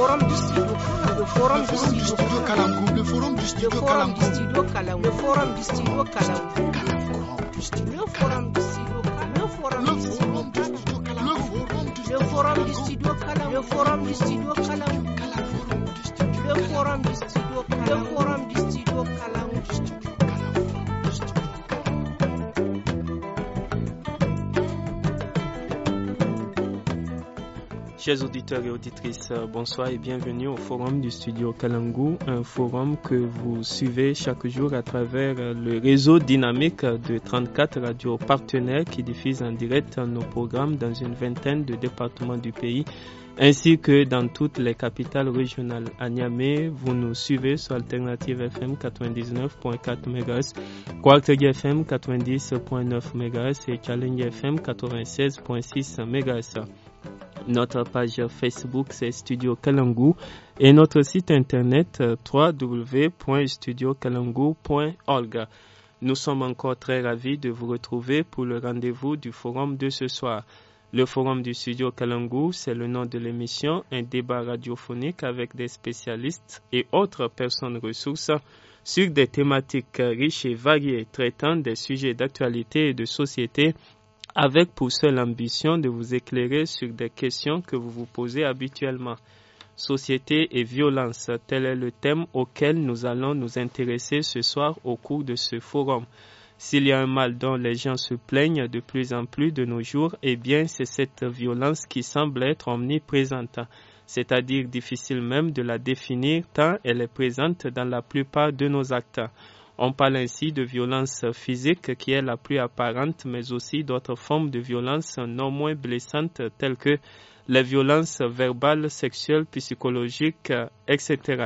forum du studio le forum du studio forum du studio forum studio forum studio forum studio forum studio forum studio forum studio forum Chers auditeurs et auditrices, euh, bonsoir et bienvenue au forum du studio Kalangu, un forum que vous suivez chaque jour à travers euh, le réseau dynamique de 34 radios partenaires qui diffusent en direct nos programmes dans une vingtaine de départements du pays ainsi que dans toutes les capitales régionales. À Niamey, vous nous suivez sur Alternative FM 99.4 MHz, Quartier FM 90.9 MHz et Challenge FM 96.6 MHz. Notre page Facebook, c'est Studio Kalangu et notre site internet euh, www.studiokalangu.org. Nous sommes encore très ravis de vous retrouver pour le rendez-vous du forum de ce soir. Le forum du studio Kalangu, c'est le nom de l'émission, un débat radiophonique avec des spécialistes et autres personnes ressources sur des thématiques riches et variées traitant des sujets d'actualité et de société avec pour seule ambition de vous éclairer sur des questions que vous vous posez habituellement. Société et violence, tel est le thème auquel nous allons nous intéresser ce soir au cours de ce forum. S'il y a un mal dont les gens se plaignent de plus en plus de nos jours, eh bien c'est cette violence qui semble être omniprésente, c'est-à-dire difficile même de la définir tant elle est présente dans la plupart de nos actes. On parle ainsi de violence physique qui est la plus apparente, mais aussi d'autres formes de violence non moins blessantes telles que les violences verbales, sexuelles, psychologiques, etc.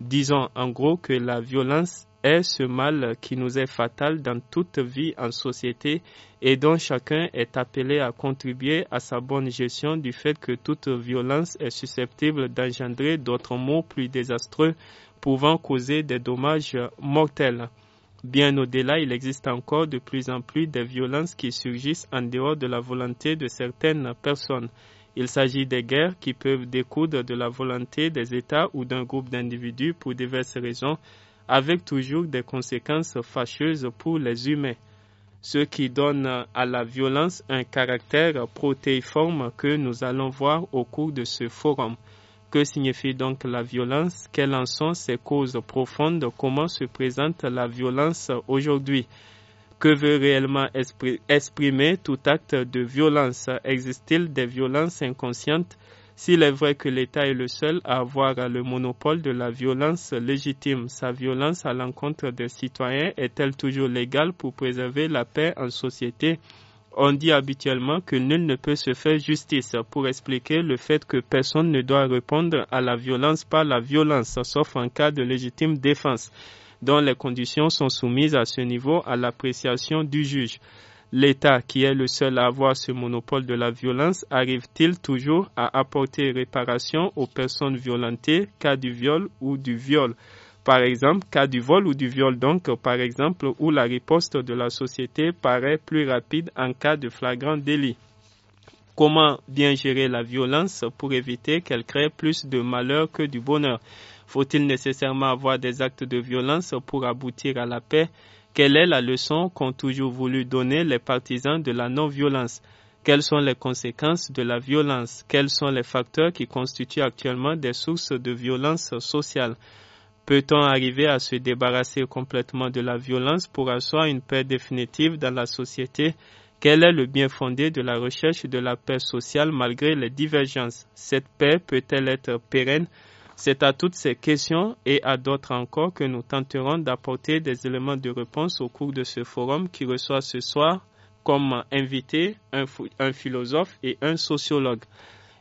Disons en gros que la violence est ce mal qui nous est fatal dans toute vie en société et dont chacun est appelé à contribuer à sa bonne gestion du fait que toute violence est susceptible d'engendrer d'autres maux plus désastreux pouvant causer des dommages mortels. Bien au-delà, il existe encore de plus en plus de violences qui surgissent en dehors de la volonté de certaines personnes. Il s'agit des guerres qui peuvent découdre de la volonté des États ou d'un groupe d'individus pour diverses raisons, avec toujours des conséquences fâcheuses pour les humains, ce qui donne à la violence un caractère protéiforme que nous allons voir au cours de ce forum. Que signifie donc la violence Quelles en sont ses causes profondes Comment se présente la violence aujourd'hui que veut réellement exprimer tout acte de violence Existe-t-il des violences inconscientes S'il est vrai que l'État est le seul à avoir le monopole de la violence légitime, sa violence à l'encontre des citoyens est-elle toujours légale pour préserver la paix en société on dit habituellement que nul ne peut se faire justice pour expliquer le fait que personne ne doit répondre à la violence par la violence, sauf en cas de légitime défense, dont les conditions sont soumises à ce niveau à l'appréciation du juge. L'État, qui est le seul à avoir ce monopole de la violence, arrive-t-il toujours à apporter réparation aux personnes violentées, cas du viol ou du viol par exemple, cas du vol ou du viol donc, par exemple, où la riposte de la société paraît plus rapide en cas de flagrant délit. Comment bien gérer la violence pour éviter qu'elle crée plus de malheur que du bonheur Faut-il nécessairement avoir des actes de violence pour aboutir à la paix Quelle est la leçon qu'ont toujours voulu donner les partisans de la non-violence Quelles sont les conséquences de la violence Quels sont les facteurs qui constituent actuellement des sources de violence sociale Peut-on arriver à se débarrasser complètement de la violence pour asseoir une paix définitive dans la société Quel est le bien fondé de la recherche de la paix sociale malgré les divergences Cette paix peut-elle être pérenne C'est à toutes ces questions et à d'autres encore que nous tenterons d'apporter des éléments de réponse au cours de ce forum qui reçoit ce soir comme invité un, un philosophe et un sociologue.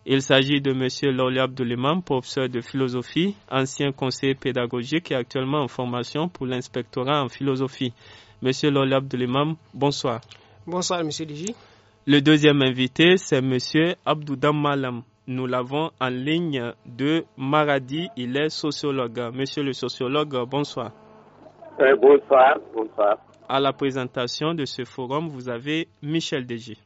Il s'agit de M. Lawli Abdouliman, professeur de philosophie, ancien conseiller pédagogique et actuellement en formation pour l'inspectorat en philosophie. M. Lawli Abdouliman, bonsoir. Bonsoir, M. Diji. Le deuxième invité, c'est M. Abdoudam Malam. Nous l'avons en ligne de Maradi. Il est sociologue. Monsieur le sociologue, bonsoir. Euh, bonsoir, bonsoir. À la présentation de ce forum, vous avez Michel Diji.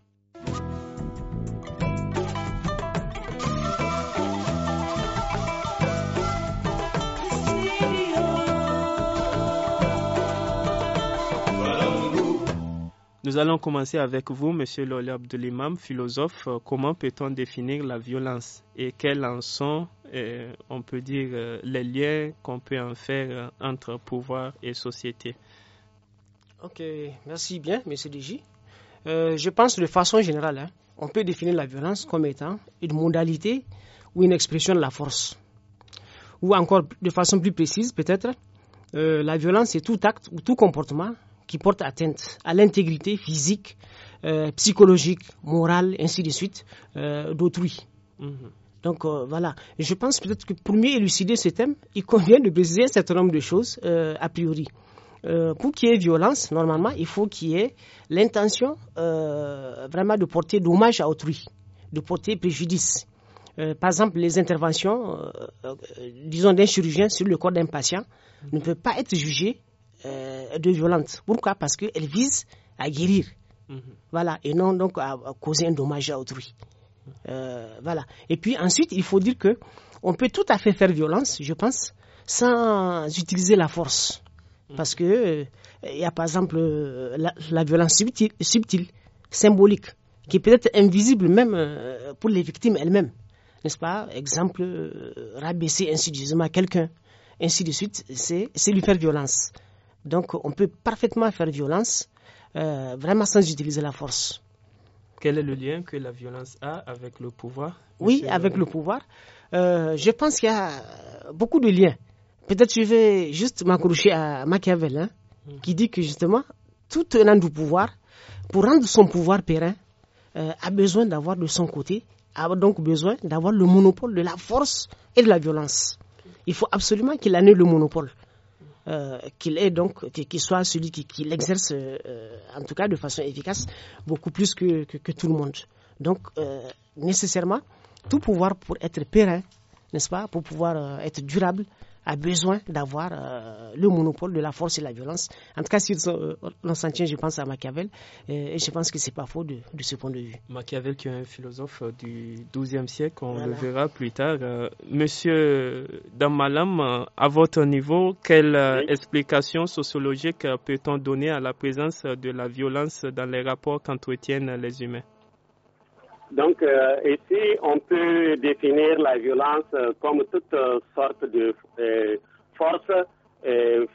Nous allons commencer avec vous, Monsieur Loli Abdelimam, philosophe. Euh, comment peut-on définir la violence et quels en sont, euh, on peut dire, euh, les liens qu'on peut en faire entre pouvoir et société Ok, merci bien, Monsieur DJ. je pense de façon générale, hein, on peut définir la violence comme étant une modalité ou une expression de la force. Ou encore de façon plus précise, peut-être, la violence est tout acte ou tout comportement qui portent atteinte à l'intégrité physique, euh, psychologique, morale, ainsi de suite, euh, d'autrui. Mhm. Donc euh, voilà, je pense peut-être que pour mieux élucider ce thème, il convient de préciser un certain nombre de choses a priori. pour qu'il y ait violence, normalement, il faut qu'il y ait l'intention vraiment de porter dommage à autrui, de porter préjudice. par exemple, les interventions, disons, d'un chirurgien sur le corps d'un patient ne peuvent pas être jugées de violente. Pourquoi Parce qu'elle vise à guérir. Mhm. Voilà, et non donc à, causer un dommage à autrui. Euh, voilà. Et puis ensuite, il faut dire que on peut tout à fait faire violence, je pense, sans utiliser la force. Mhm. Parce que euh, il y a par exemple euh, la, violence subtile, symbolique, qui peut être invisible même pour les victimes elles-mêmes. N'est-ce pas Exemple, rabaisser insidieusement quelqu'un, ainsi de suite, c'est lui faire violence. Donc on peut parfaitement faire violence, euh, vraiment sans utiliser la force. Quel est le lien que la violence a avec le pouvoir Oui, avec le pouvoir. Euh, je pense qu'il y a beaucoup de liens. Peut-être je vais juste m'accrocher à Machiavel, hein, hmm. qui dit que justement, tout tenant du pouvoir, pour rendre son pouvoir périn, euh, a besoin d'avoir de son côté, a donc besoin d'avoir le monopole de la force et de la violence. Il faut absolument qu'il ait le monopole. Euh, qu'il est donc, qu'il soit celui qui, l'exerce, euh, en tout cas de façon efficace, beaucoup plus que, que, que tout le monde. Donc, euh, nécessairement, tout pouvoir pour être pérenne, n'est-ce pas, pour pouvoir être durable, a besoin d'avoir euh, le monopole de la force et la violence. En tout cas, si l'on s'en euh, tient, je pense à Machiavel, euh, et je pense que c'est pas faux de, ce point de vue. Machiavel, qui est un philosophe du XIIe siècle, on le verra plus tard. Monsieur Damalam, à votre niveau, quelle explication sociologique peut-on donner à la présence de la violence dans les rapports qu'entretiennent les humains donc, euh, ici, on peut définir la violence euh, comme toute euh, sorte de force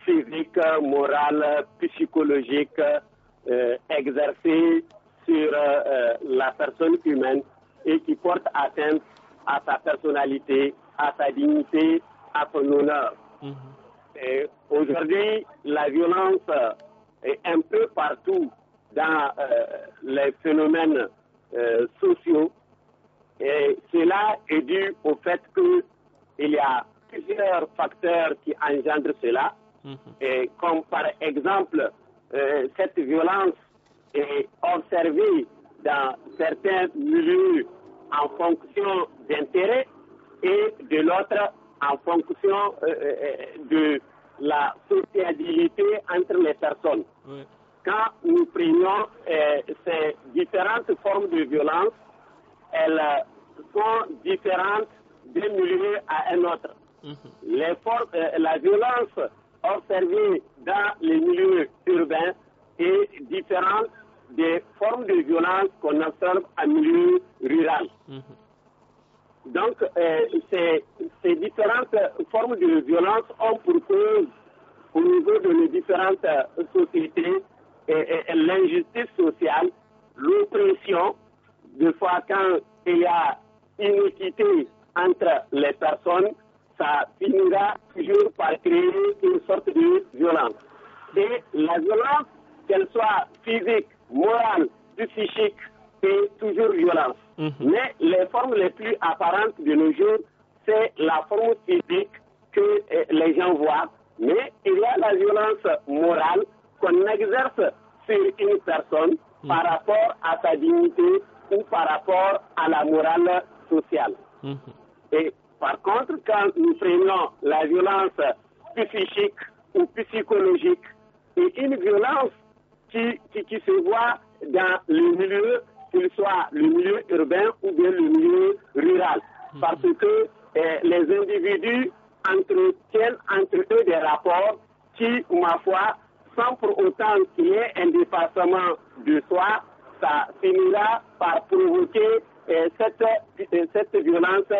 physique, morale, psychologique exercée sur la personne humaine et qui porte atteinte à sa personnalité, à sa dignité, à son honneur. Mm-hmm. Aujourd'hui, la violence est un peu partout dans les phénomènes euh, sociaux. Et cela est dû au fait qu'il y a plusieurs facteurs qui engendrent cela, mhm. et comme par exemple euh, cette violence est observée dans certains milieux en fonction d'intérêts et de l'autre en fonction euh, de la sociabilité entre les personnes nous prenons euh, ces différentes formes de violence, elles euh, sont différentes d'un milieu à un autre. Mhm. Euh, la violence observée dans les milieux urbains est différente des formes de violence qu'on observe en milieu rural. Mhm. Donc, ces, ces, différentes formes de violence ont pour cause, au niveau de nos différentes sociétés, et, l'injustice sociale, l'oppression, des fois quand il y a inéquité entre les personnes, ça finira toujours par créer une sorte de violence. Et la violence, qu'elle soit physique, morale, psychique, c'est toujours violence. Mhm. Mais les formes les plus apparentes de nos jours, c'est la forme physique que eh, les gens voient. Mais il y a la violence morale qu'on exerce sur une personne mm. par rapport à sa dignité ou par rapport à la morale sociale. Mm-hmm. Et par contre, quand nous prenons la violence psychique ou psychologique, c'est une violence qui, qui, se voit dans le milieu, qu'il soit le milieu urbain ou bien le milieu rural, mm-hmm. parce que eh, les individus entretiennent entre eux des rapports qui, ma foi, sans pour autant qu'il y ait un dépassement de soi, ça finira par provoquer euh, euh, cette, violence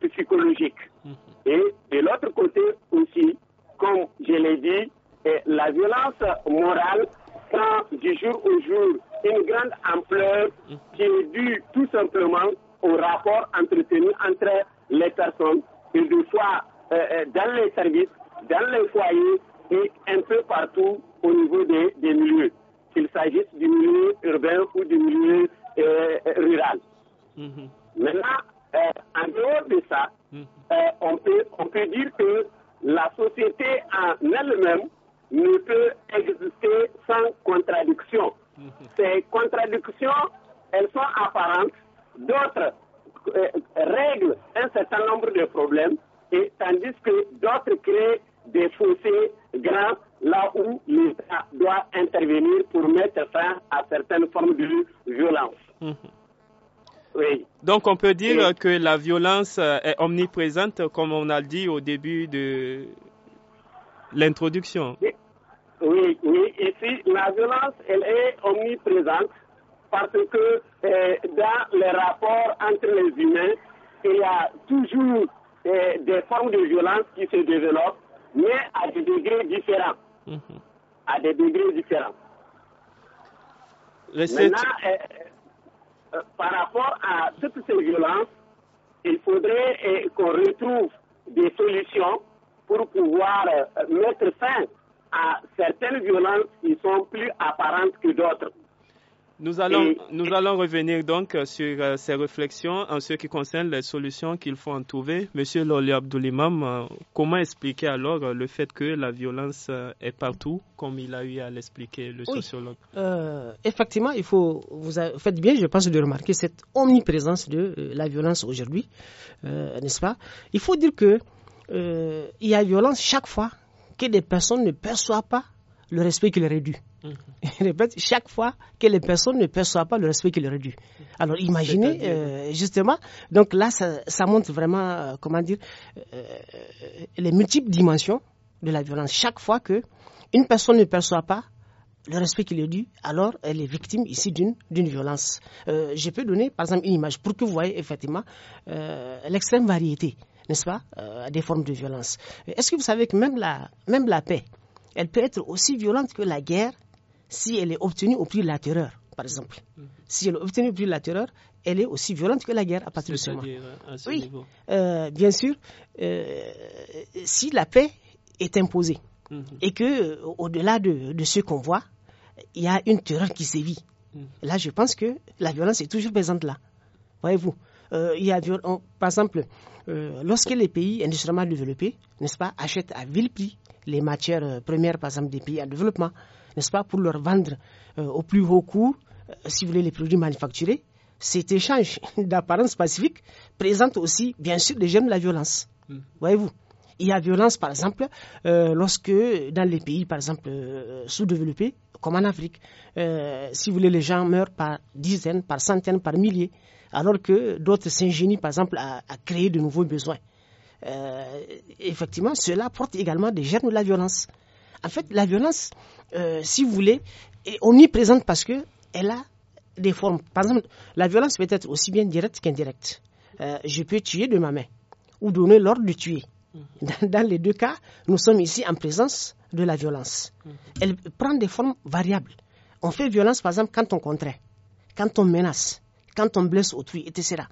psychologique. Mm-hmm. Et de l'autre côté aussi, comme je l'ai dit, euh, la violence morale prend du jour au jour une grande ampleur mm-hmm. qui est due tout simplement au rapport entretenu entre les personnes, et de soi dans les services, dans les foyers et un peu partout au niveau des, milieux, qu'il s'agisse du milieu urbain ou du milieu euh, rural. Mhm. Maintenant, euh, en dehors de ça, mhm. euh, on, peut, on peut dire que la société en elle-même ne peut exister sans contradiction. Mhm. Ces contradictions, elles sont apparentes, d'autres règlent un certain nombre de problèmes, et tandis que d'autres créent des fossés grands là où l'État doit intervenir pour mettre fin à certaines formes de violence. Mhm. Donc on peut dire que la violence euh, est omniprésente, comme on a dit au début de l'introduction. Oui, oui. Ici, la violence, elle est omniprésente parce que euh, dans les rapports entre les humains, il y a toujours euh, des formes de violence qui se développent, mais à des degrés différents à des degrés différents. Maintenant, euh, euh, par rapport à toutes ces violences, il faudrait euh, qu'on retrouve des solutions pour pouvoir mettre fin à certaines violences qui sont plus apparentes que d'autres. Nous allons, mm. nous allons revenir donc euh, sur euh, ces réflexions en ce qui concerne les solutions qu'il faut en trouver. Monsieur Loli Abdoulimam, euh, comment expliquer alors le fait que la violence est partout, comme il a eu à l'expliquer le sociologue euh, Effectivement, il faut, vous faites bien, je pense, de remarquer cette omniprésence de la violence aujourd'hui, euh, n'est-ce pas Il faut dire que il y a violence chaque fois que des personnes ne perçoivent pas le respect qu'il aurait dû. Mhm. répète, chaque fois que les personnes ne perçoivent pas le respect qu'il aurait dû. Alors imaginez, euh, justement, donc là, ça, montre vraiment, euh, comment dire, euh, les multiples dimensions de la violence. Chaque fois qu'une personne ne perçoit pas le respect qu'il est dû, alors elle est victime ici d'une violence. je peux donner, par exemple, une image pour que vous voyez effectivement l'extrême variété, n'est-ce pas, des formes de violence. Est-ce que vous savez que même la, même la paix, elle peut être aussi violente que la guerre si elle est obtenue au prix de la terreur, par exemple. Mm. Si elle est obtenue au prix de la terreur, elle est aussi violente que la guerre à partir de ce oui, euh, bien sûr, euh, si la paix est imposée mm-hmm. et que euh, au-delà de, ce qu'on voit, il y a une terreur qui sévit. Mm. Là, je pense que la violence est toujours présente là. Voyez-vous, par exemple, lorsque les pays industriellement développés, n'est-ce pas, achètent à vil prix les matières euh, premières, par exemple, des pays en développement, n'est-ce pas, pour leur vendre euh, au plus haut coût, euh, si vous voulez, les produits manufacturés. Cet échange d'apparence pacifique présente aussi, bien sûr, des germes de la violence. Hmm. Voyez-vous il y a violence, par exemple, lorsque dans les pays, par exemple, sous-développés, comme en Afrique, si vous voulez, les gens meurent par dizaines, par centaines, par milliers, alors que d'autres s'ingénient, par exemple, à, créer de nouveaux besoins. Euh, effectivement, cela porte également des germes de la violence. En fait, la violence, euh, si vous voulez, on y présente parce qu'elle a des formes. Par exemple, la violence peut être aussi bien directe qu'indirecte. Euh, je peux tuer de ma main ou donner l'ordre de tuer. Mm. Dans, dans, les deux cas, nous sommes ici en présence de la violence. Mm. Elle prend des formes variables. On fait violence, par exemple, quand on contraint, quand on menace, quand on blesse autrui, etc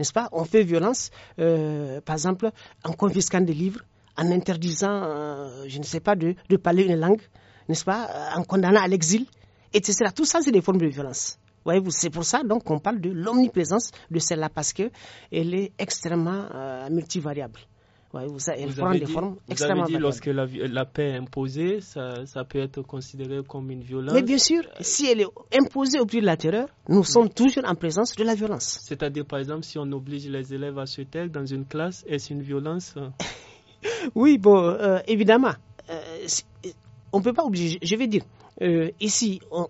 n'est-ce pas On fait violence, euh, par exemple, en confisquant des livres, en interdisant, euh, je ne sais pas, de, parler une langue, n'est-ce pas euh, En condamnant à l'exil, etc. Tout ça, c'est des formes de violence. Voyez-vous, c'est pour ça donc qu'on parle de l'omniprésence de celle-là parce que elle est extrêmement multivariable vous, prend des dit, formes extrêmement. lorsque la, paix est imposée, ça, peut être considéré comme une violence. Mais bien sûr, euh, si elle est imposée au prix de la terreur, nous sommes mm. toujours en présence de la violence. C'est-à-dire, par exemple, si on oblige les élèves à se taire dans une classe, est-ce une violence Oui, bon, euh, évidemment. Euh, on ne peut pas obliger. Je vais dire, ici, on,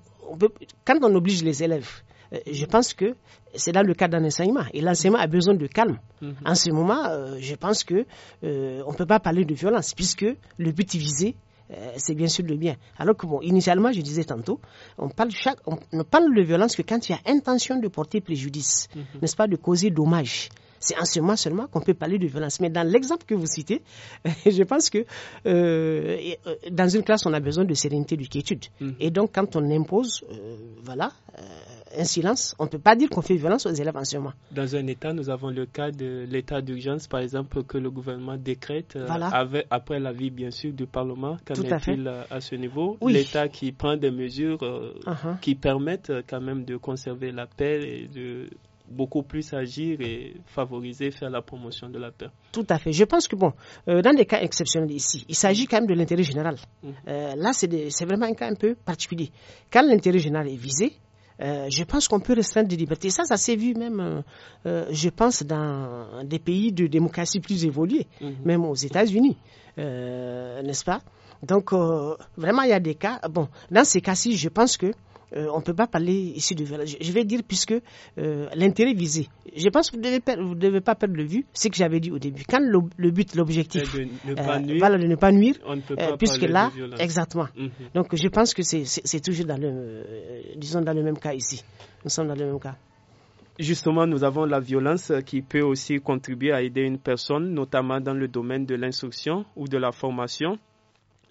quand on oblige les élèves euh, je pense que c'est là le cas d'un enseignement. Et l'enseignement a besoin de calme. Mhm. En ce moment, euh, je pense que euh, on ne peut pas parler de violence, puisque le but visé, c'est bien sûr le bien. Alors que, bon, initialement, je disais tantôt, on, parle ne parle de violence que quand il y a intention de porter préjudice, mhm. n'est-ce pas, de causer dommage. C'est en ce moment seulement qu'on peut parler de violence. Mais dans l'exemple que vous citez, je pense que euh, euh, dans une classe, on a besoin de sérénité, de quiétude. Mhm. Et donc, quand on impose, euh, voilà, un silence, on ne peut pas dire qu'on fait violence aux élèves en ce moment. Dans un État, nous avons le cas de l'état d'urgence, par exemple, que le gouvernement décrète après l'avis, bien sûr, du Parlement. Qu'en est-il à, ce niveau L'État qui prend des mesures uh-huh. qui permettent quand même de conserver la paix et de beaucoup plus agir et favoriser, faire la promotion de la paix. Tout à fait. Je pense que, bon, euh, dans des cas exceptionnels ici, il s'agit quand même de l'intérêt général. Mhm. Euh, là, c'est vraiment un cas un peu particulier. Quand l'intérêt général est visé, euh, je pense qu'on peut restreindre des libertés. Ça, ça s'est vu même, je pense, dans des pays de démocratie plus évoluée, mhm. même aux États-Unis, n'est-ce pas Donc, vraiment, il y a des cas. Bon, dans ces cas-ci, je pense que euh, on ne peut pas parler ici de violence. Je vais dire puisque euh, l'intérêt visé, je pense que vous ne devez, pas perdre de vue ce que j'avais dit au début. Quand le, but, l'objectif, euh, voilà, de ne pas nuire, on ne peut pas puisque là, exactement. Mhm. Donc je pense que c'est toujours dans le, disons dans le même cas ici. Nous sommes dans le même cas. Justement, nous avons la violence qui peut aussi contribuer à aider une personne, notamment dans le domaine de l'instruction ou de la formation.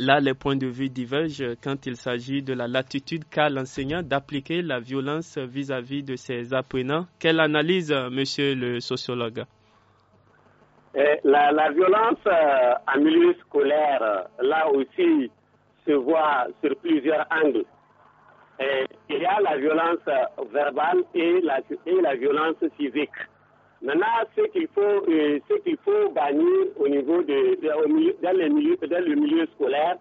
Là, les points de vue divergent quand il s'agit de la latitude qu'a l'enseignant d'appliquer la violence vis-à-vis de ses apprenants. Quelle analyse, monsieur le sociologue eh, la, violence euh, en milieu scolaire, là aussi, se voit sur plusieurs angles. Eh, il y a la violence verbale et la, et la violence physique. Maintenant, ce qu'il faut, bannir euh, au niveau de, dans, le milieu, le milieu scolaire,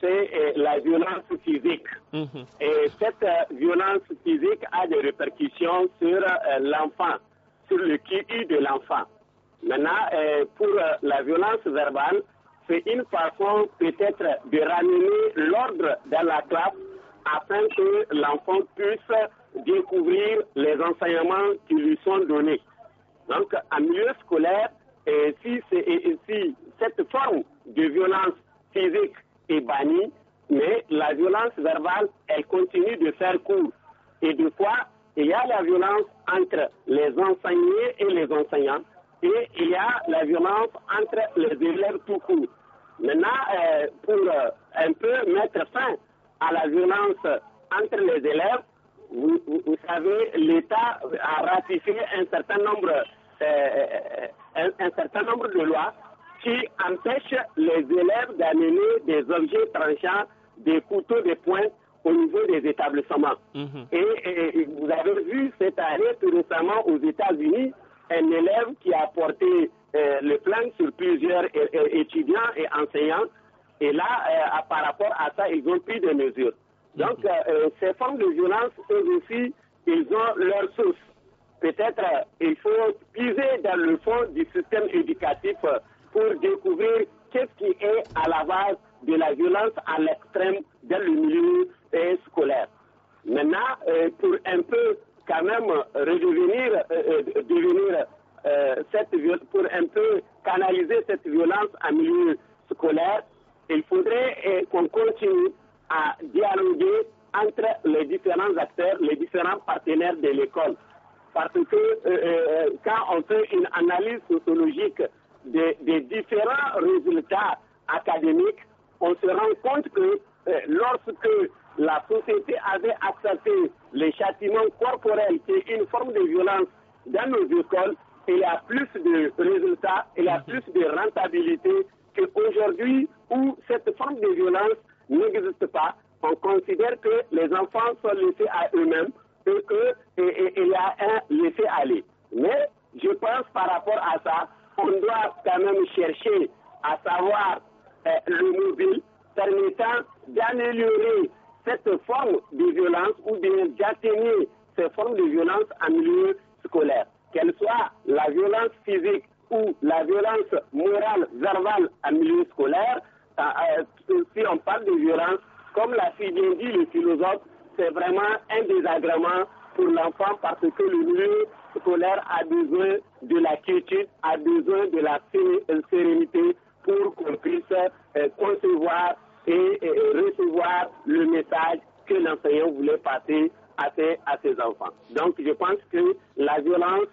c'est euh, la violence physique. Mm-hmm. Et cette euh, violence physique a des répercussions sur l'enfant, sur le QI de l'enfant. Maintenant, pour la violence verbale, c'est une façon peut-être de ramener l'ordre dans la classe afin que l'enfant puisse découvrir les enseignements qui lui sont donnés. Donc, en milieu scolaire, et si, cette forme de violence physique est bannie, mais la violence verbale, elle continue de faire cours. Et de fois, il y a la violence entre les enseignants et les enseignants, et il y a la violence entre les élèves tout court. Maintenant, euh, pour euh, un peu mettre fin à la violence entre les élèves, vous, savez, l'État a ratifié un certain nombre, euh, euh, un, certain nombre de lois qui empêchent les élèves d'amener des objets tranchants, des couteaux, de pointe au niveau des établissements. Mhm. Et, vous avez vu cette année, tout récemment, aux États-Unis, un élève qui a porté euh, le plan sur plusieurs étudiants et enseignants. Et là, par rapport à ça, ils ont pris des mesures. Donc, euh, euh, ces formes de violence, elles aussi, ils ont leur source. Peut-être euh, il faut piser dans le fond du système éducatif pour découvrir qu'est-ce qui est à la base de la violence à l'extrême dans le milieu scolaire. Maintenant, pour un peu quand même redevenir, devenir cette pour un peu canaliser cette violence en milieu scolaire, il faudrait qu'on continue à dialoguer entre les différents acteurs, les différents partenaires de l'école. Parce que euh, euh, quand on fait une analyse sociologique des, différents résultats académiques, on se rend compte que euh, lorsque la société avait accepté les châtiments corporels, qui est une forme de violence dans nos écoles, il y a plus de résultats, il y a mm-hmm. plus de rentabilité qu'aujourd'hui où cette forme de violence n'existe pas, on considère que les enfants sont laissés à eux-mêmes et qu'il y a un laissé aller. Mais je pense par rapport à ça, on doit quand même chercher à savoir un euh, le mobile permettant d'améliorer cette forme de violence ou bien cette ces formes de violence en milieu scolaire, qu'elle soit la violence physique ou la violence morale verbale en milieu scolaire, euh, si on parle de violence, comme l'a si bien dit le philosophe, c'est vraiment un désagrément pour l'enfant parce que le milieu scolaire a besoin de la quiétude, a besoin de la euh, sérénité pour qu'on puisse euh, concevoir et, recevoir le message que l'enseignant voulait passer à à ses enfants. Donc je pense que la violence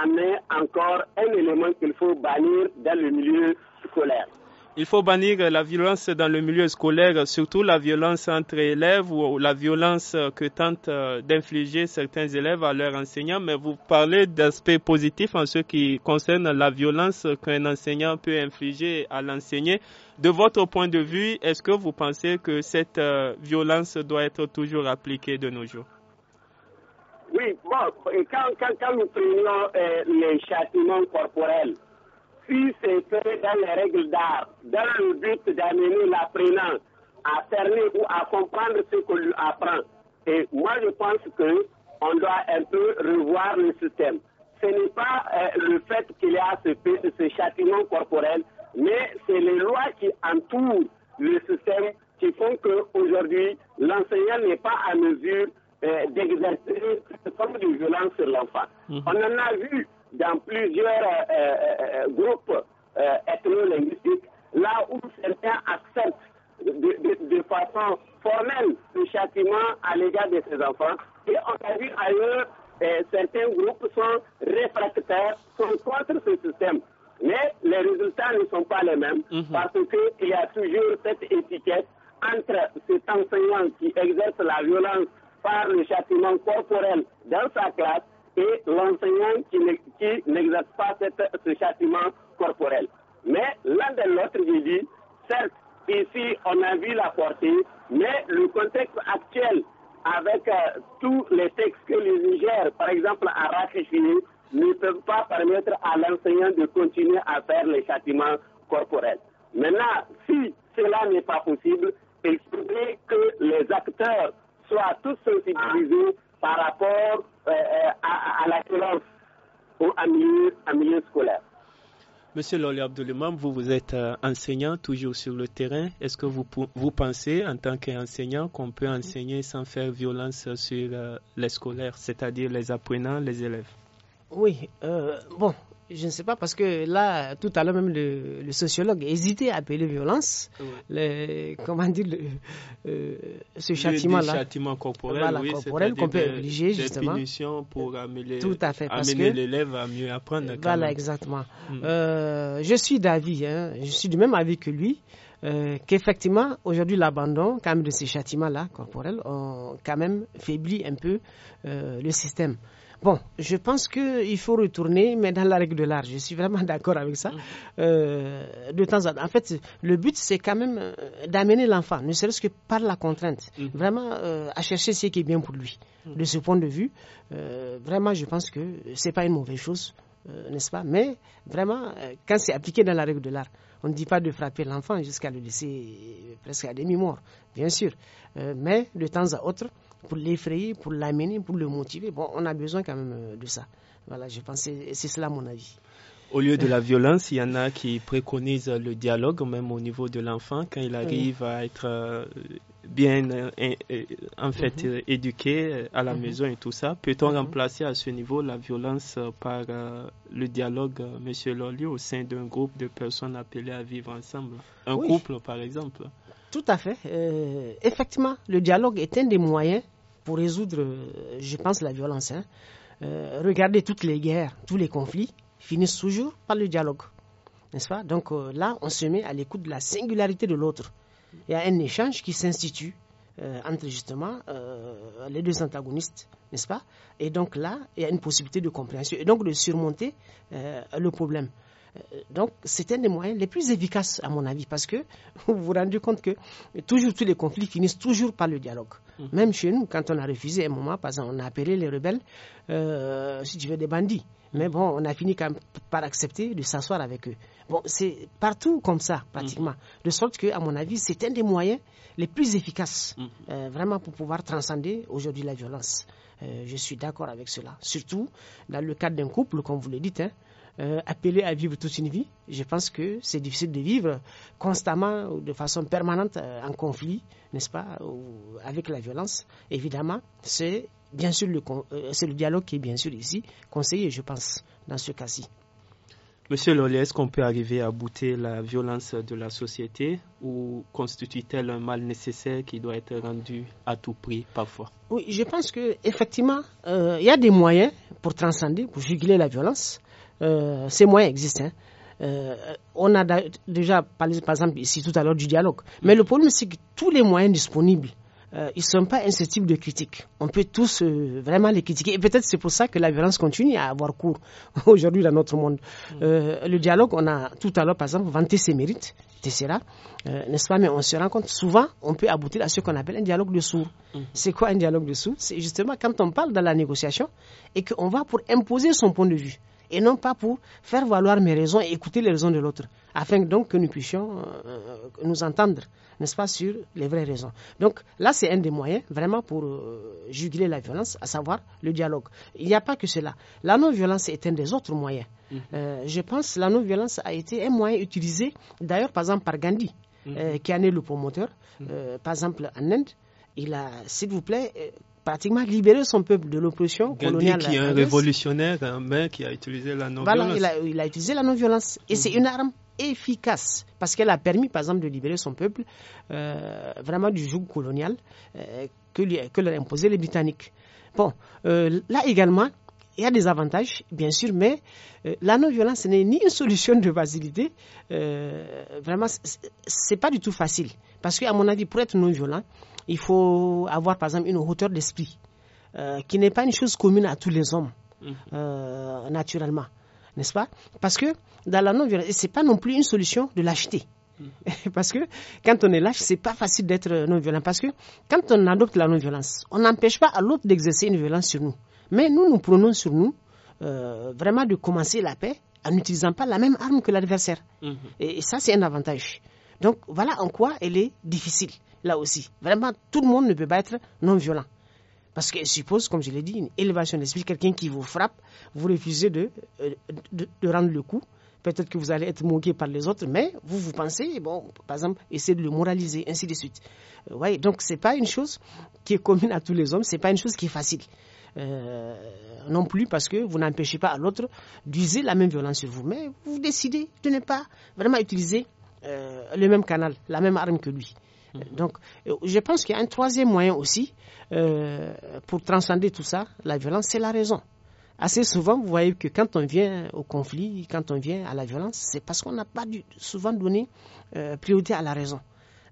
en est encore un élément qu'il faut bannir dans le milieu scolaire. Il faut bannir la violence dans le milieu scolaire, surtout la violence entre élèves ou la violence que tentent euh, d'infliger certains élèves à leurs enseignants. Mais vous parlez d'aspects positifs en ce qui concerne la violence qu'un enseignant peut infliger à l'enseigné. De votre point de vue, est-ce que vous pensez que cette euh, violence doit être toujours appliquée de nos jours Oui, quand, quand, nous prenons euh, les châtiments corporels, si c'est fait dans les règles d'art, dans le but d'amener l'apprenant à cerner ou à comprendre ce qu'on lui apprend. Et moi, je pense que on doit un peu revoir le système. Ce n'est pas euh, le fait qu'il y a ce, ce châtiment corporel, mais c'est les lois qui entourent le système qui font qu'aujourd'hui, l'enseignant n'est pas à mesure euh, d'exercer cette forme de violence sur l'enfant. Mhm. On en a vu dans plusieurs euh, euh, euh, groupes ethno-linguistiques, là où certains acceptent de, façon formelle le châtiment à l'égard de ces enfants. Et on a vu ailleurs, certains groupes sont réfractaires, sont contre ce système. Mais les résultats ne sont pas les mêmes mhm. parce qu'il y a toujours cette étiquette entre cet enseignant qui exerce la violence par le châtiment corporel dans sa classe et l'enseignant qui n'exerce pas ce châtiment corporel. Mais l'un de l'autre, j'ai dit, certes, ici, on a vu la portée, mais le contexte actuel, avec euh, tous les textes que les Niger, par exemple, à Rakhine, ne peuvent pas permettre à l'enseignant de continuer à faire les châtiments corporels. Maintenant, si cela n'est pas possible, il faudrait que les acteurs soient tous sensibilisés par rapport euh, euh, à, la violence au milieu, scolaire. Monsieur Loli Abdoulimam, vous, vous êtes euh, enseignant toujours sur le terrain. Est-ce que vous, pensez, en tant qu'enseignant, qu'on peut enseigner sans faire violence sur les scolaires, c'est-à-dire les apprenants, les élèves Oui, bon, je ne sais pas, parce que là, tout à l'heure même, le, sociologue hésitait à appeler violence, le, comment dire, le, euh, ce châtiment-là. Le châtiment corporel, qu'on peut obliger, justement. pour amener, tout à fait, amener l'élève à mieux apprendre. Voilà, exactement. Hmm. Euh, je suis d'avis, hein. je suis du même avis que lui. Euh, qu'effectivement, aujourd'hui, l'abandon quand même de ces châtiments-là corporels ont quand même faibli un peu le système. Bon, je pense qu'il faut retourner, mais dans la règle de l'art. Je suis vraiment d'accord avec ça. Mhm. Euh, de temps en temps. En fait, le but, c'est quand même euh, d'amener l'enfant, ne serait-ce que par la contrainte, mhm. vraiment euh, à chercher ce qui est bien pour lui. Mhm. De ce point de vue, vraiment, je pense que ce n'est pas une mauvaise chose, n'est-ce pas Mais vraiment, quand c'est appliqué dans la règle de l'art, on ne dit pas de frapper l'enfant jusqu'à le laisser presque à demi-mort, bien sûr. mais de temps à autre, pour l'effrayer, pour l'amener, pour le motiver. Bon, on a besoin quand même euh, de ça. Voilà, je pense que c'est cela mon avis. Au lieu de la violence, il y en a qui préconisent le dialogue, même au niveau de l'enfant, quand il arrive à être euh, bien euh, en fait mhm. éduqué à la mhm. maison et tout ça. Peut-on mhm. remplacer à ce niveau la violence par le dialogue, Monsieur Loli, au sein d'un groupe de personnes appelées à vivre ensemble, un couple par exemple Tout à fait. effectivement, le dialogue est un des moyens pour résoudre, euh, je pense, la violence. Hein. Euh, regardez toutes les guerres, tous les conflits finissent toujours par le dialogue. N'est-ce pas Donc euh, là, on se met à l'écoute de la singularité de l'autre. Il y a un échange qui s'institue entre justement les deux antagonistes, n'est-ce pas Et donc là, il y a une possibilité de compréhension et donc de surmonter le problème. Euh, donc, c'est un des moyens les plus efficaces, à mon avis, parce que vous vous rendez compte que toujours tous les conflits finissent toujours par le dialogue. Mm. Même chez nous, quand on a refusé un moment, par exemple, on a appelé les rebelles, euh, si tu veux, des bandits. Mais bon, on a fini par accepter de s'asseoir avec eux. Bon, c'est partout comme ça, pratiquement. Mm. De sorte que, à mon avis, c'est un des moyens les plus efficaces, mm. euh, vraiment, pour pouvoir transcender aujourd'hui la violence. je suis d'accord avec cela. Surtout dans le cadre d'un couple, comme vous le dites, hein, euh, appelé à vivre toute une vie. Je pense que c'est difficile de vivre constamment, ou de façon permanente, euh, en conflit, n'est-ce pas, ou avec la violence. Évidemment, c'est bien sûr le, euh, c'est le dialogue qui est bien sûr ici conseillé, je pense, dans ce cas-ci. Monsieur Lollet, est-ce qu'on peut arriver à bouter la violence de la société ou constitue-t-elle un mal nécessaire qui doit être rendu à tout prix parfois Oui, je pense que effectivement, il y a des moyens pour transcender, pour juguler la violence. Euh, ces moyens existent. Hein. Euh, on a déjà parlé, par exemple, ici tout à l'heure du dialogue. Mais le problème, c'est que tous les moyens disponibles, euh, ils ne sont pas insensibles de critique. On peut tous vraiment les critiquer. Et peut-être c'est pour ça que la violence continue à avoir cours aujourd'hui dans notre monde. Mm. le dialogue, on a tout à l'heure, par exemple, vanté ses mérites, n'est-ce pas Mais on se rend compte, souvent, on peut aboutir à ce qu'on appelle un dialogue de sourds. Mm. C'est quoi un dialogue de sourds C'est justement quand on parle dans la négociation et qu'on va pour imposer son point de vue et non pas pour faire valoir mes raisons et écouter les raisons de l'autre, afin donc que nous puissions euh, euh, nous entendre, n'est-ce pas, sur les vraies raisons. Donc là, c'est un des moyens vraiment pour euh, juguler la violence, à savoir le dialogue. Il n'y a pas que cela. La non-violence est un des autres moyens. Mmh. je pense que la non-violence a été un moyen utilisé, d'ailleurs, par exemple, par Gandhi, mmh. qui en est le promoteur, mmh. par exemple, en Inde. Il a, s'il vous plaît, pratiquement libérer son peuple de l'oppression coloniale. qui est un hein. révolutionnaire, hein, qui a utilisé la non-violence. il a, utilisé la non-violence. Et mhm. c'est une arme efficace parce qu'elle a permis, par exemple, de libérer son peuple euh, vraiment du joug colonial euh, que, que leur imposaient les Britanniques. Bon, euh, là également, il y a des avantages, bien sûr, mais euh, la non-violence n'est ni une solution de facilité. Euh, vraiment, n'est pas du tout facile. Parce qu'à mon avis, pour être non-violent, il faut avoir, par exemple, une hauteur d'esprit, euh, qui n'est pas une chose commune à tous les hommes, mhm. euh, naturellement. N'est-ce pas Parce que dans la non-violence, ce n'est pas non plus une solution de lâcheté. Mhm. Parce que quand on est lâche, n'est pas facile d'être non-violent. Parce que quand on adopte la non-violence, on n'empêche pas à l'autre d'exercer une violence sur nous. Mais nous, nous prenons sur nous euh, vraiment de commencer la paix en n'utilisant pas la même arme que l'adversaire. Mhm. Et, ça, c'est un avantage. Donc voilà en quoi elle est difficile, là aussi. Vraiment, tout le monde ne peut pas être non-violent. Parce qu'elle suppose, comme je l'ai dit, une élévation d'esprit, quelqu'un qui vous frappe, vous refusez de, euh, rendre le coup. Peut-être que vous allez être moqué par les autres, mais vous, vous pensez, bon, par exemple, essayer de le moraliser, ainsi de suite. Euh, donc, ce n'est pas une chose qui est commune à tous les hommes, ce n'est pas une chose qui est facile. Euh, non plus parce que vous n'empêchez pas à l'autre d'user la même violence sur vous. Mais vous décidez de ne pas vraiment utiliser euh, le même canal, la même arme que lui. Mhm. Donc, euh, je pense qu'il y a un troisième moyen aussi pour transcender tout ça, la violence, c'est la raison. Assez souvent, vous voyez que quand on vient au conflit, quand on vient à la violence, c'est parce qu'on n'a pas souvent donné priorité à la raison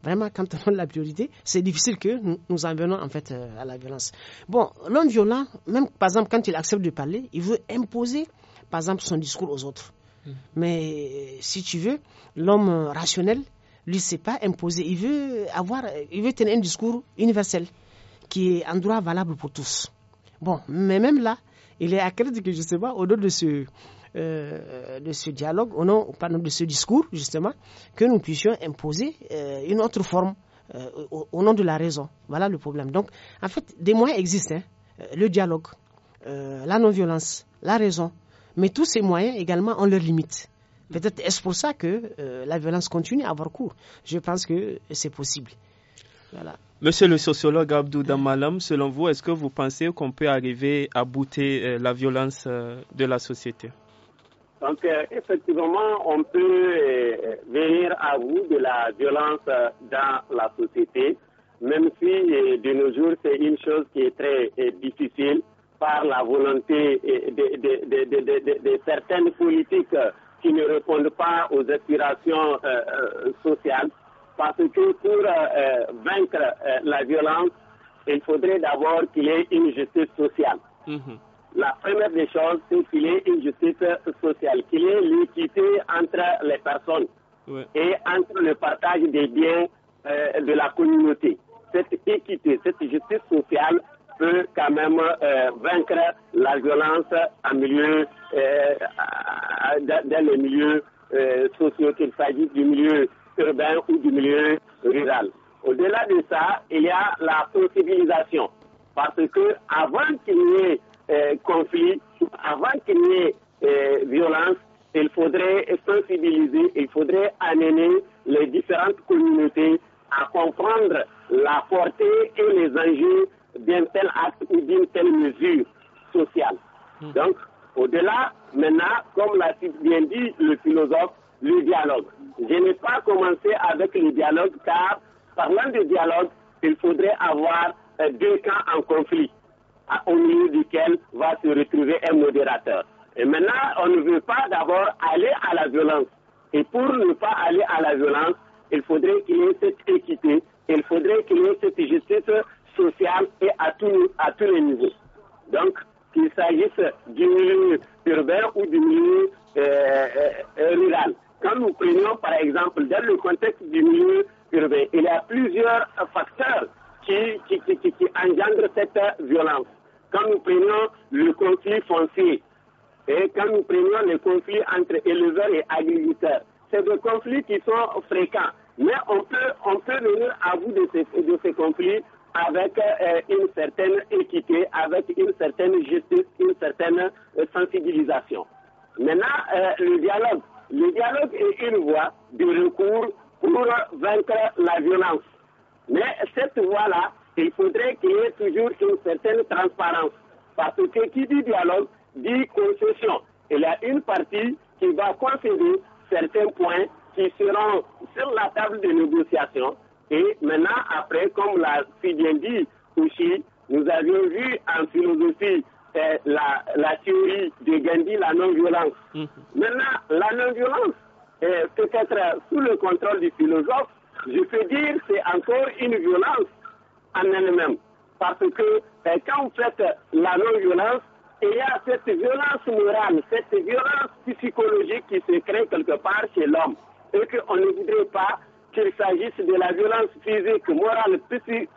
vraiment, quand on a la priorité, c'est difficile que nous, en venons en fait euh, à la violence. Bon, l'homme violent, même par exemple quand il accepte de parler, il veut imposer par exemple son discours aux autres. Mm. Mais si tu veux, l'homme euh, rationnel, lui, ne sait pas imposer. Il veut avoir, euh, il veut tenir un discours universel qui est un droit valable pour tous. Bon, mais même là, il est à crédit que je sais pas, au-delà de ce euh, de ce dialogue, au nom, de ce discours, justement, que nous puissions imposer euh, une autre forme euh, au, nom de la raison. Voilà le problème. Donc, en fait, des moyens existent. Hein. Le dialogue, la non-violence, la raison. Mais tous ces moyens également ont leurs limites. Peut-être est-ce pour ça que la violence continue à avoir cours. Je pense que c'est possible. Monsieur le sociologue Abdou Damalam, selon vous, est-ce que vous pensez qu'on peut arriver à bouter la violence de la société donc, euh, effectivement, on peut euh, venir à vous de la violence euh, dans la société, même si de nos jours, c'est une chose qui est très difficile par la volonté de, certaines politiques qui ne répondent pas aux aspirations sociales. Parce que pour vaincre la violence, il faudrait d'abord qu'il y ait une justice sociale. Mhm la première des choses, c'est qu'il y ait une justice sociale, qu'il y ait l'équité entre les personnes et entre le partage des biens euh, de la communauté. Cette équité, cette justice sociale peut quand même euh, vaincre la violence euh, dans, les milieux sociaux, qu'il s'agisse du milieu urbain ou du milieu rural. Au-delà de ça, il y a la sensibilisation. Parce que avant qu'il y ait euh, conflit, avant qu'il n'y ait euh, violence, il faudrait sensibiliser, il faudrait amener les différentes communautés à comprendre la portée et les enjeux d'un tel acte ou d'une telle mesure sociale. Hmm. Donc, au-delà, maintenant, comme l'a bien dit le philosophe, le dialogue. Je n'ai pas commencé avec le dialogue car, parlant de dialogue, il faudrait avoir euh, deux camps en conflit au milieu duquel va se retrouver un modérateur. Et maintenant, on ne veut pas d'abord aller à la violence. Et pour ne pas aller à la violence, il faudrait qu'il y ait cette équité, il faudrait qu'il y ait cette justice sociale et à, tous les niveaux. Donc, qu'il s'agisse du milieu urbain ou du milieu euh, euh, euh, rural. Quand nous prenons, par exemple, dans le contexte du milieu urbain, il y a plusieurs facteurs qui engendrent cette violence. Quand nous prenons le conflit foncier, et quand nous prenons le conflit entre éleveurs et agriculteurs, c'est des conflits qui sont fréquents. Mais on peut, on peut venir à bout de ces, de conflits avec euh, une certaine équité, avec une certaine justice, une certaine euh, sensibilisation. Maintenant, euh, le dialogue. Le dialogue est une voie de recours pour vaincre la violence. Mais cette voie-là, il faudrait qu'il y ait toujours une certaine transparence. Parce que qui dit dialogue dit concession. Il y a une partie qui va concéder certains points qui seront sur la table de négociation. Et maintenant, après, comme l'a si bien dit aussi, nous avions vu en philosophie eh, la, théorie de Gandhi, la non-violence. Mhm. Maintenant, la non-violence, eh, peut-être sous le contrôle du philosophe, je peux dire que c'est encore une violence en elle-même. Parce que ben, quand vous faites la non-violence, il y a cette violence morale, cette violence psychologique qui se crée quelque part chez l'homme. Et qu'on ne voudrait pas qu'il s'agisse de la violence physique, morale,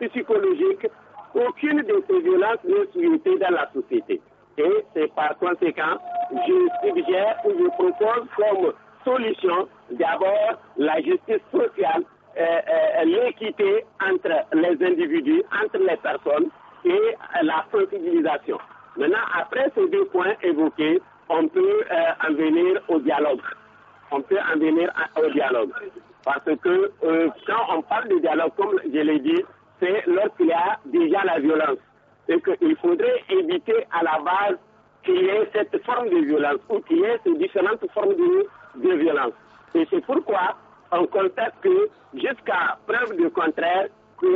psychologique. Aucune de ces violences n'est souhaitée dans la société. Et c'est par conséquent, je suggère ou je propose comme solution d'abord la justice sociale euh, euh, l'équité entre les individus, entre les personnes et la sensibilisation. Maintenant, après ces deux points évoqués, on peut euh, en venir au dialogue. On peut en venir au dialogue. Parce que quand on parle de dialogue, comme je l'ai dit, c'est lorsqu'il y a déjà la violence. Et il faudrait éviter à la base qu'il y ait cette forme de violence ou qu'il y ait ces différentes formes de violence. Et c'est pourquoi on constate que jusqu'à preuve du contraire, euh,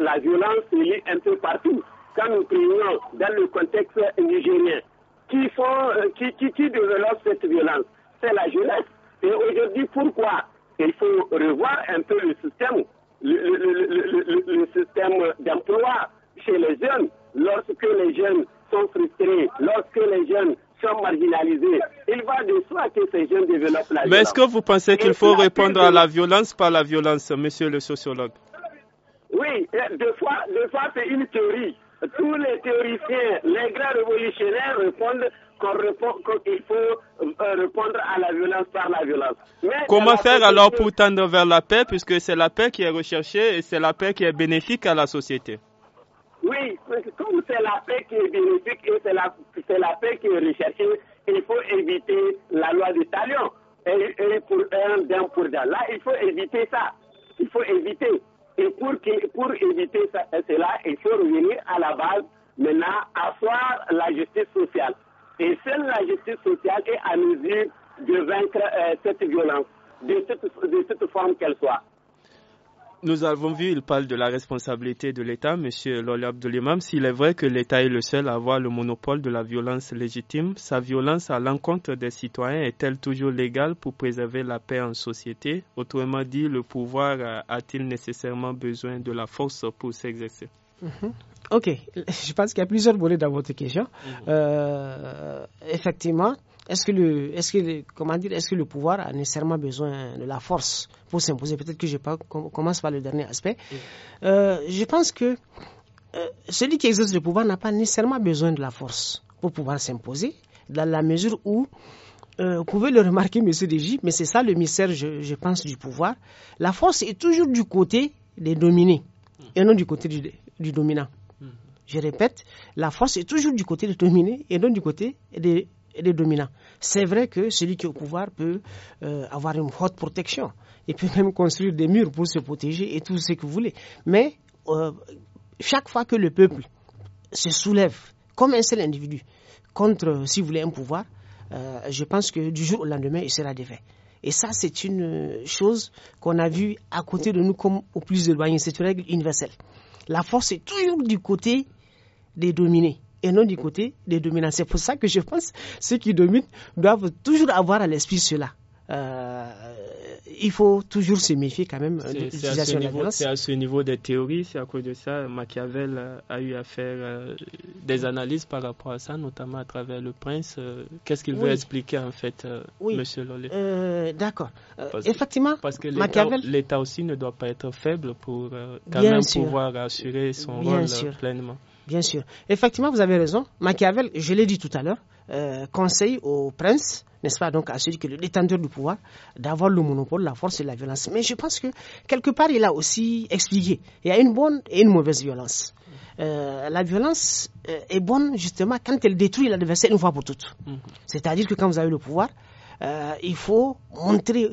la, violence est un peu partout. Quand nous prions dans le contexte nigérien, qui, font, euh, qui, développe cette violence C'est la jeunesse. Et aujourd'hui, pourquoi Il faut revoir un peu le système, le, le système d'emploi chez les jeunes. Lorsque les jeunes sont frustrés, lorsque les jeunes sont marginalisés. Il va de soi que ces jeunes développent la Mais Mais est-ce que vous pensez qu'il faut répondre à la violence par la violence, monsieur le sociologue Oui, euh, deux fois, fois c'est une théorie. Tous les théoriciens, les grands révolutionnaires répondent qu'il faut euh, répondre à la violence par la violence. Comment faire alors pour tendre vers la paix, puisque c'est la paix qui est recherchée et c'est la paix qui est bénéfique à la société oui, comme c'est la paix qui est bénéfique et c'est la, paix qui est recherchée, il faut éviter la loi du talion. Et, pour un, d'un pour d'un. Là, il faut éviter ça. Il faut éviter. Et pour, pour éviter cela, il faut revenir à la base, maintenant, à asseoir la justice sociale. Et seule la justice sociale est à mesure de vaincre euh, cette violence, de toute de cette forme qu'elle soit nous avons vu, il parle de la responsabilité de l'État, M. Loli Abdelimam. S'il est vrai que l'État est le seul à avoir le monopole de la violence légitime, sa violence à l'encontre des citoyens est-elle toujours légale pour préserver la paix en société Autrement dit, le pouvoir euh, a-t-il nécessairement besoin de la force pour s'exercer mhm. Ok, je pense qu'il y a plusieurs volets dans votre question. Mhm. Euh, effectivement, est-ce que le, est-ce que comment dire, est-ce que le pouvoir a nécessairement besoin de la force pour s'imposer Peut-être que je commence par le dernier aspect. Euh, je pense que euh, celui qui exerce le pouvoir n'a pas nécessairement besoin de la force pour pouvoir s'imposer, dans la mesure où euh, vous pouvez le remarquer, Monsieur Dj, mais c'est ça le mystère, je, pense, du pouvoir. La force est toujours du côté des dominés et non du côté du, du dominant. Mmh. Je répète, la force est toujours du côté des dominés et non du côté des est C'est vrai que celui qui est au pouvoir peut euh, avoir une haute protection. Il peut même construire des murs pour se protéger et tout ce que vous voulez. Mais euh, chaque fois que le peuple se soulève, comme un seul individu, contre, si vous voulez, un pouvoir, euh, je pense que du jour au lendemain, il sera défait. Et ça, c'est une chose qu'on a vue à côté de nous comme au plus éloigné. C'est une règle universelle. La force est toujours du côté des dominés et non du côté des dominants. C'est pour ça que je pense que ceux qui dominent doivent toujours avoir à l'esprit cela. Euh, il faut toujours se méfier quand même euh, de l'utilisation de la C'est à ce niveau des théories, c'est à cause de ça Machiavel euh, a eu à faire des analyses par rapport à ça, notamment à travers le prince. Qu'est-ce qu'il veut expliquer en fait, oui. Monsieur Lollet D'accord. Effectivement, parce que l'État aussi ne doit pas être faible pour quand même pouvoir assurer son rôle pleinement bien sûr. Effectivement, vous avez raison. Machiavel, je l'ai dit tout à l'heure, euh, conseille au prince, n'est-ce pas, donc à celui qui est le détenteur du pouvoir, d'avoir le monopole, la force et la violence. Mais je pense que, quelque part, il a aussi expliqué. Il y a une bonne et une mauvaise violence. Euh, la violence euh, est bonne justement quand elle détruit l'adversaire une fois pour toutes. Mm-hmm. C'est-à-dire que quand vous avez le pouvoir, euh, il faut montrer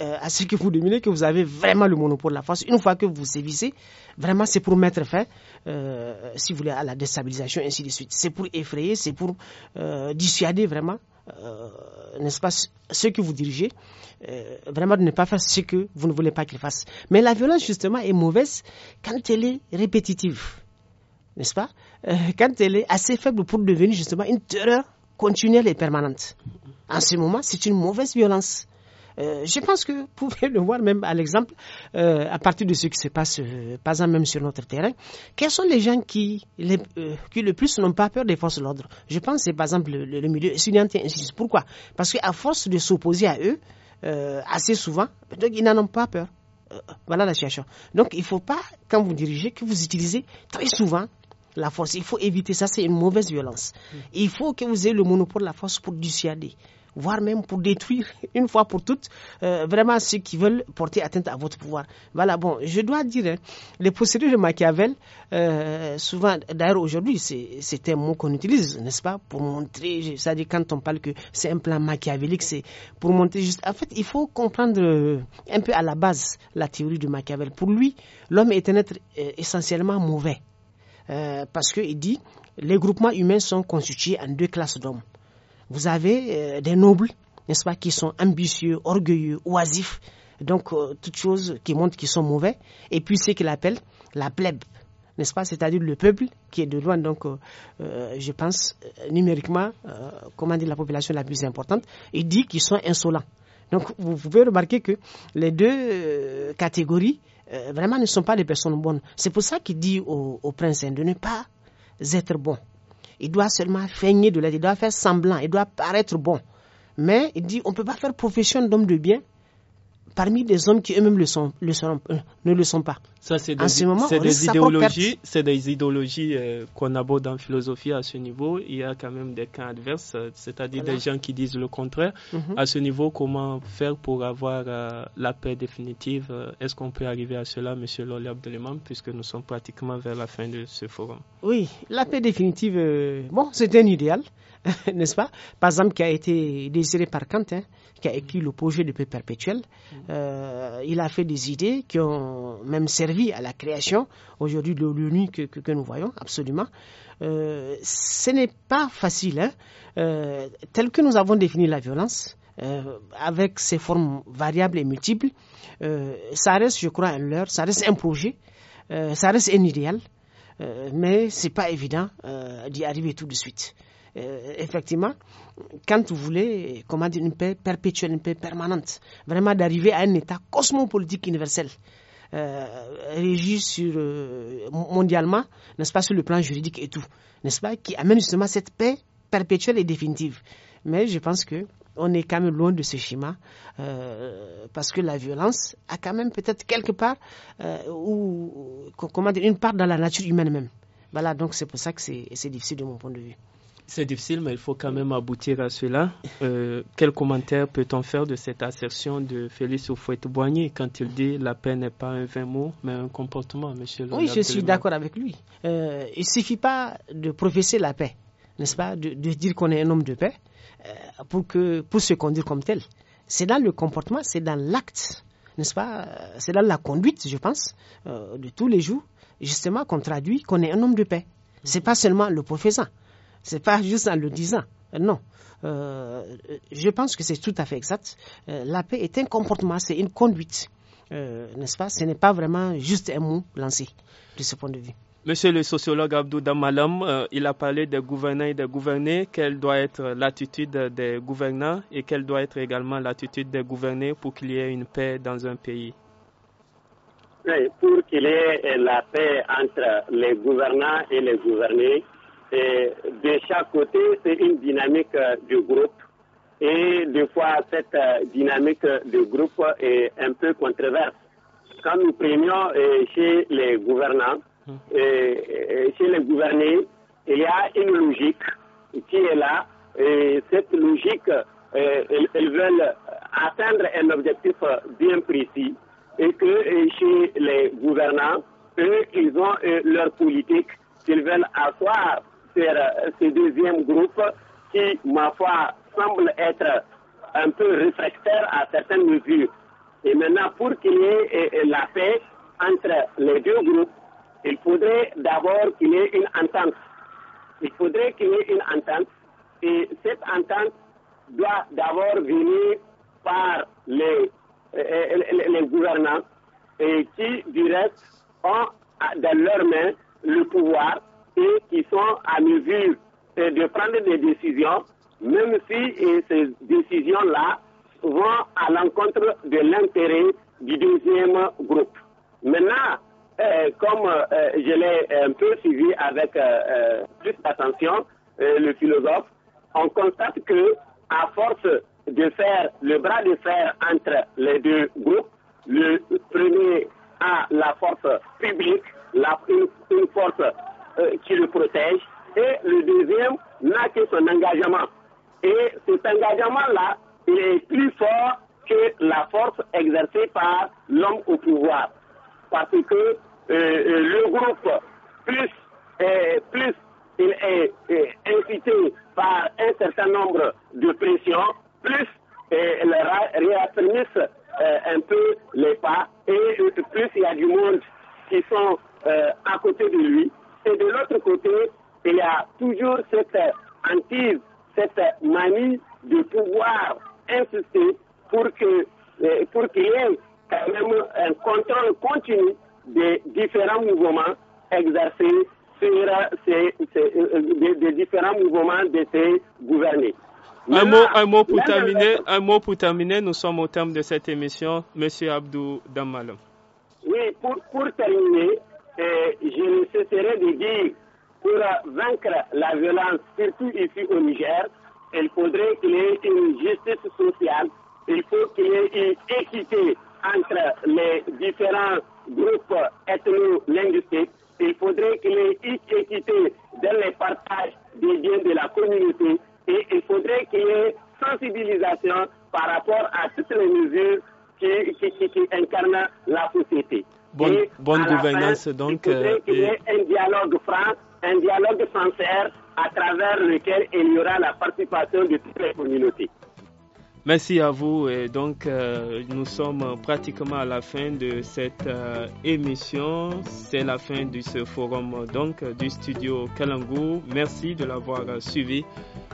euh, à ce que vous dominez que vous avez vraiment le monopole de la force. Une fois que vous sévissez, vraiment c'est pour mettre fin, euh, si vous voulez, à la déstabilisation, ainsi de suite. C'est pour effrayer, c'est pour euh, dissuader vraiment, n'est-ce pas, ceux que vous dirigez, vraiment de ne pas faire ce que vous ne voulez pas qu'ils fassent. Mais la violence, justement, est mauvaise quand elle est répétitive, n'est-ce pas Quand elle est assez faible pour devenir, justement, une terreur continuelle et permanente. En ce moment, c'est une mauvaise violence. Euh, je pense que vous pouvez le voir même à l'exemple, euh, à partir de ce qui se passe, euh, pas par même sur notre terrain. Quels sont les gens qui, qui le plus n'ont pas peur des forces de l'ordre Je pense c'est par exemple le, le milieu étudiant. Pourquoi Parce qu'à force de s'opposer à eux, assez souvent, donc ils n'en ont pas peur. Voilà la situation. Donc il ne faut pas, quand vous dirigez, que vous utilisez très souvent la force. Il faut éviter ça, c'est une mauvaise violence. Mmh. Il faut que vous ayez le monopole de la force pour dissuader voire même pour détruire une fois pour toutes euh, vraiment ceux qui veulent porter atteinte à votre pouvoir. Voilà, bon, je dois dire, hein, les procédures de Machiavel, euh, souvent, d'ailleurs aujourd'hui, c'est un mot qu'on utilise, n'est-ce pas, pour montrer, c'est-à-dire quand on parle que c'est un plan machiavélique, c'est pour montrer juste. En fait, il faut comprendre euh, un peu à la base la théorie de Machiavel. Pour lui, l'homme est un être essentiellement mauvais. Euh, parce qu'il dit les groupements humains sont constitués en deux classes d'hommes vous avez euh, des nobles, n'est-ce pas, qui sont ambitieux, orgueilleux, oisifs, donc euh, toutes choses qui montrent qu'ils sont mauvais, et puis ce qu'il appelle la plèbe, n'est-ce pas, c'est-à-dire le peuple qui est de loin, donc euh, je pense numériquement, comment dire, la population la plus importante, il dit qu'ils sont insolents. Donc vous pouvez remarquer que les deux catégories, vraiment, ne sont pas des personnes bonnes. C'est pour ça qu'il dit au, prince de ne pas être bon il doit seulement feigner de l'être, il doit faire semblant, il doit paraître bon. Mais il dit, on ne peut pas faire profession d'homme de bien parmi des hommes qui eux-mêmes le sont, euh, ne le sont pas. Ça, c'est des, des idéologies, c'est des idéologies euh, qu'on aborde en philosophie à ce niveau. Il y a quand même des cas adverses, euh, c'est-à-dire des gens qui disent le contraire. Mhm. À ce niveau, comment faire pour avoir la paix définitive Est-ce qu'on peut arriver à cela, Monsieur Loli Abdelimam, puisque nous sommes pratiquement vers la fin de ce forum Oui, la paix définitive, bon, c'est un idéal. n'est-ce pas Par exemple, qui a été désiré par Kant, hein, qui a écrit le projet de paix perpétuelle euh, il a fait des idées qui ont même servi à la création aujourd'hui de l'ONU que, nous voyons, absolument. Euh, ce n'est pas facile. Hein. Euh, tel que nous avons défini la violence, avec ses formes variables et multiples, ça reste, je crois, un leurre, ça reste un projet, ça reste un idéal, mais c'est pas évident d'y arriver tout de suite. Euh, effectivement, quand vous voulez, comment dire, une paix perpétuelle, une paix permanente, vraiment d'arriver à un État cosmopolitique universel. Euh, sur euh, mondialement, n'est-ce pas, sur le plan juridique et tout, n'est-ce pas, qui amène justement cette paix perpétuelle et définitive. Mais je pense que on est quand même loin de ce schéma euh, parce que la violence a quand même peut-être quelque part ou comment dire une part dans la nature humaine même. Voilà, donc c'est pour ça que c'est difficile de mon point de vue. C'est difficile, mais il faut quand même aboutir à cela. Euh, quel commentaire peut-on faire de cette assertion de Félix Oufouette-Boigny quand il dit la paix n'est pas un vain mot, mais un comportement, monsieur le Oui, je suis d'accord avec lui. Euh, il ne suffit pas de professer la paix, n'est-ce pas, de, dire qu'on est un homme de paix euh, pour, que, pour se conduire comme tel. C'est dans le comportement, c'est dans l'acte, n'est-ce pas C'est dans la conduite, je pense, de tous les jours, justement, qu'on traduit qu'on est un homme de paix. C'est pas seulement le professant. C'est pas juste en le disant. Euh, non. Euh, je pense que c'est tout à fait exact. Euh, la paix est un comportement, c'est une conduite. n'est-ce pas Ce n'est pas vraiment juste un mot lancé de ce point de vue. Monsieur le sociologue Abdou Damalam, il a parlé des gouvernants et des gouvernés, quelle doit être l'attitude des gouvernants et quelle doit être également l'attitude des gouvernés pour qu'il y ait une paix dans un pays. pour qu'il y ait la paix entre les gouvernants et les gouvernés, de chaque côté, c'est une dynamique euh, de groupe. Et des fois, cette euh, dynamique de groupe est un peu controverse. Quand nous prenions euh, chez les gouvernants, hum. chez les gouvernés, il y a une logique qui est là. Et cette logique, ils veulent atteindre un objectif bien précis. Et que chez les gouvernants, eux, ils ont leur politique qu'ils veulent asseoir sur euh, ce deuxième groupe qui, ma foi, semble être un peu réfractaire à certaines mesures. Et maintenant, pour qu'il y ait euh, euh, la paix entre les deux groupes, il faudrait d'abord qu'il y ait une entente. Il faudrait qu'il y ait une entente. Et cette entente doit d'abord venir par les, les, gouvernants et qui, du reste, ont dans leurs mains le pouvoir qui sont à mesure de prendre des décisions, même si ces décisions-là vont à l'encontre de l'intérêt du deuxième groupe. Maintenant, euh, comme euh, je l'ai un peu suivi avec plus euh, d'attention, le philosophe, on constate que à force de faire le bras de fer entre les deux groupes, le premier a la force publique, la, une, une force euh, qui le protège. Et le deuxième n'a que son engagement. Et cet engagement-là, il est plus fort que la force exercée par l'homme au pouvoir. Parce que euh, euh, le groupe, plus, plus il est incité par un certain nombre de pressions, plus il réaffirmisse un peu les pas et plus il y a du monde qui sont à côté de lui, et de l'autre côté, il y a toujours cette hantise, cette manie de pouvoir insister pour que euh, pour qu'il y ait quand même un contrôle continu des différents mouvements exercés sur ces, euh, des, différents mouvements de ces gouvernés. Un, mot, pour terminer, un mot pour terminer, nous sommes au terme de cette émission, Monsieur Abdou Damalam. Oui, pour terminer, je ne cesserai de dire, pour vaincre la violence, surtout ici au Niger, il faudrait qu'il y ait une justice sociale, il faut qu'il y ait une équité entre les différents groupes ethno-linguistiques, il faudrait qu'il y ait une équité dans les partage des biens de la communauté et il faudrait qu'il y ait sensibilisation par rapport à toutes les mesures qui incarnent la société bonne, bonne gouvernance donc. Il euh, qu'il y ait un dialogue franc, un dialogue sincère à travers lequel il y aura la participation de toutes les communautés. Merci à vous. Et donc, euh, nous sommes pratiquement à la fin de cette euh, émission. C'est la fin de ce forum donc du studio Kalangu. Merci de l'avoir suivi.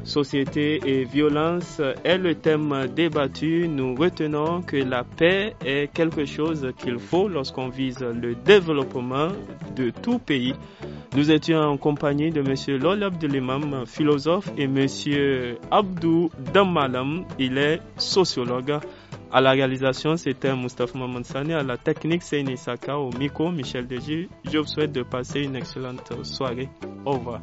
Société et violence est le thème débattu. Nous retenons que la paix est quelque chose qu'il faut lorsqu'on vise le développement de tout pays. Nous étions en compagnie de M. de Abdelimam, philosophe, et M. Abdou Damalam. Il est sociologue. À la réalisation, c'était Moustapha Mamansani. À la technique, c'est Nisaka. Au micro, Michel Deji. Je vous souhaite de passer une excellente soirée. Au revoir.